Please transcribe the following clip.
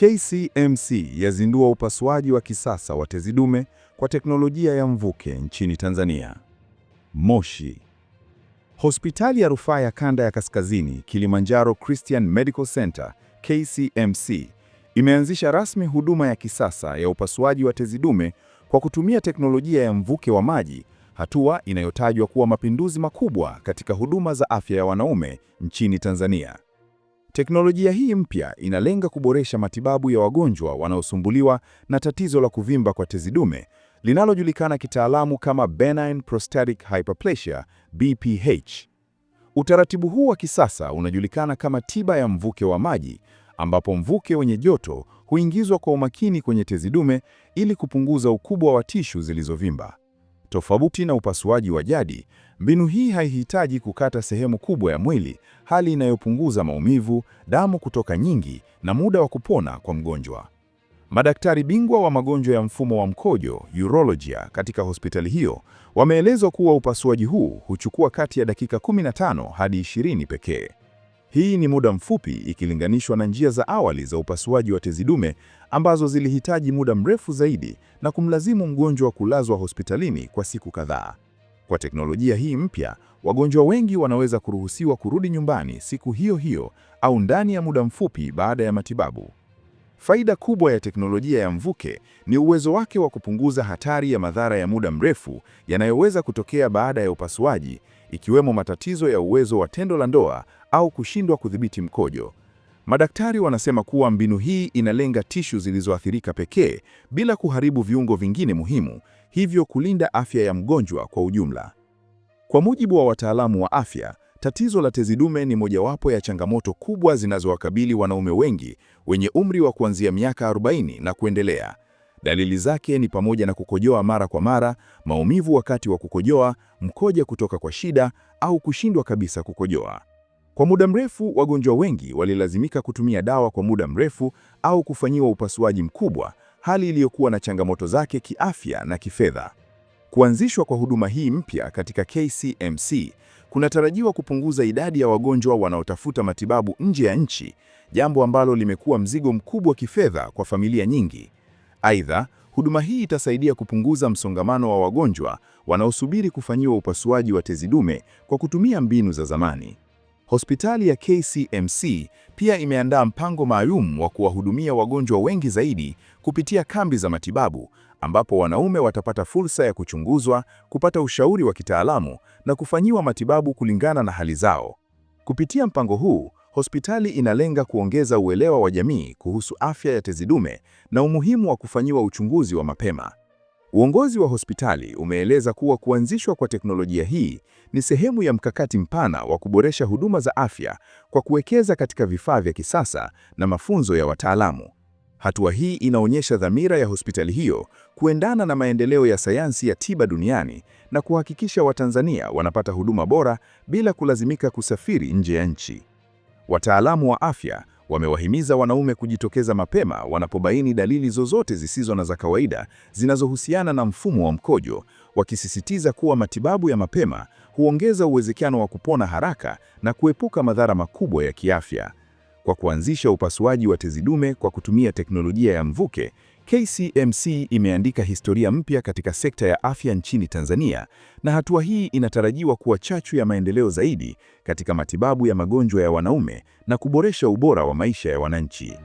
KCMC yazindua upasuaji wa kisasa wa tezi dume kwa teknolojia ya mvuke nchini Tanzania. Moshi. Hospitali ya Rufaa ya Kanda ya Kaskazini, Kilimanjaro Christian Medical Center, KCMC, imeanzisha rasmi huduma ya kisasa ya upasuaji wa tezi dume kwa kutumia teknolojia ya mvuke wa maji, hatua inayotajwa kuwa mapinduzi makubwa katika huduma za afya ya wanaume nchini Tanzania. Teknolojia hii mpya inalenga kuboresha matibabu ya wagonjwa wanaosumbuliwa na tatizo la kuvimba kwa tezi dume linalojulikana kitaalamu kama benign prostatic hyperplasia BPH. Utaratibu huu wa kisasa unajulikana kama tiba ya mvuke wa maji, ambapo mvuke wenye joto huingizwa kwa umakini kwenye tezi dume ili kupunguza ukubwa wa tishu zilizovimba. Tofauti na upasuaji wa jadi, mbinu hii haihitaji kukata sehemu kubwa ya mwili, hali inayopunguza maumivu, damu kutoka nyingi na muda wa kupona kwa mgonjwa. Madaktari bingwa wa magonjwa ya mfumo wa mkojo urologia, katika hospitali hiyo wameelezwa kuwa upasuaji huu huchukua kati ya dakika 15 hadi 20 pekee. Hii ni muda mfupi ikilinganishwa na njia za awali za upasuaji wa tezi dume ambazo zilihitaji muda mrefu zaidi na kumlazimu mgonjwa kulazwa hospitalini kwa siku kadhaa. Kwa teknolojia hii mpya, wagonjwa wengi wanaweza kuruhusiwa kurudi nyumbani siku hiyo hiyo au ndani ya muda mfupi baada ya matibabu. Faida kubwa ya teknolojia ya mvuke ni uwezo wake wa kupunguza hatari ya madhara ya muda mrefu yanayoweza kutokea baada ya upasuaji, ikiwemo matatizo ya uwezo wa tendo la ndoa au kushindwa kudhibiti mkojo. Madaktari wanasema kuwa mbinu hii inalenga tishu zilizoathirika pekee bila kuharibu viungo vingine muhimu, hivyo kulinda afya ya mgonjwa kwa ujumla. Kwa mujibu wa wataalamu wa afya, tatizo la tezi dume ni mojawapo ya changamoto kubwa zinazowakabili wanaume wengi wenye umri wa kuanzia miaka 40 na kuendelea. Dalili zake ni pamoja na kukojoa mara kwa mara, maumivu wakati wa kukojoa, mkojo kutoka kwa shida au kushindwa kabisa kukojoa. Kwa muda mrefu, wagonjwa wengi walilazimika kutumia dawa kwa muda mrefu au kufanyiwa upasuaji mkubwa, hali iliyokuwa na changamoto zake kiafya na kifedha. Kuanzishwa kwa huduma hii mpya katika KCMC kunatarajiwa kupunguza idadi ya wagonjwa wanaotafuta matibabu nje ya nchi, jambo ambalo limekuwa mzigo mkubwa kifedha kwa familia nyingi. Aidha, huduma hii itasaidia kupunguza msongamano wa wagonjwa wanaosubiri kufanyiwa upasuaji wa tezi dume kwa kutumia mbinu za zamani. Hospitali ya KCMC pia imeandaa mpango maalum wa kuwahudumia wagonjwa wengi zaidi kupitia kambi za matibabu ambapo wanaume watapata fursa ya kuchunguzwa, kupata ushauri wa kitaalamu na kufanyiwa matibabu kulingana na hali zao. Kupitia mpango huu, hospitali inalenga kuongeza uelewa wa jamii kuhusu afya ya tezi dume na umuhimu wa kufanyiwa uchunguzi wa mapema. Uongozi wa hospitali umeeleza kuwa kuanzishwa kwa teknolojia hii ni sehemu ya mkakati mpana wa kuboresha huduma za afya kwa kuwekeza katika vifaa vya kisasa na mafunzo ya wataalamu. Hatua hii inaonyesha dhamira ya hospitali hiyo kuendana na maendeleo ya sayansi ya tiba duniani na kuhakikisha Watanzania wanapata huduma bora bila kulazimika kusafiri nje ya nchi. Wataalamu wa afya Wamewahimiza wanaume kujitokeza mapema wanapobaini dalili zozote zisizo na za kawaida zinazohusiana na mfumo wa mkojo, wakisisitiza kuwa matibabu ya mapema huongeza uwezekano wa kupona haraka na kuepuka madhara makubwa ya kiafya. Kwa kuanzisha upasuaji wa tezi dume kwa kutumia teknolojia ya mvuke, KCMC imeandika historia mpya katika sekta ya afya nchini Tanzania na hatua hii inatarajiwa kuwa chachu ya maendeleo zaidi katika matibabu ya magonjwa ya wanaume na kuboresha ubora wa maisha ya wananchi.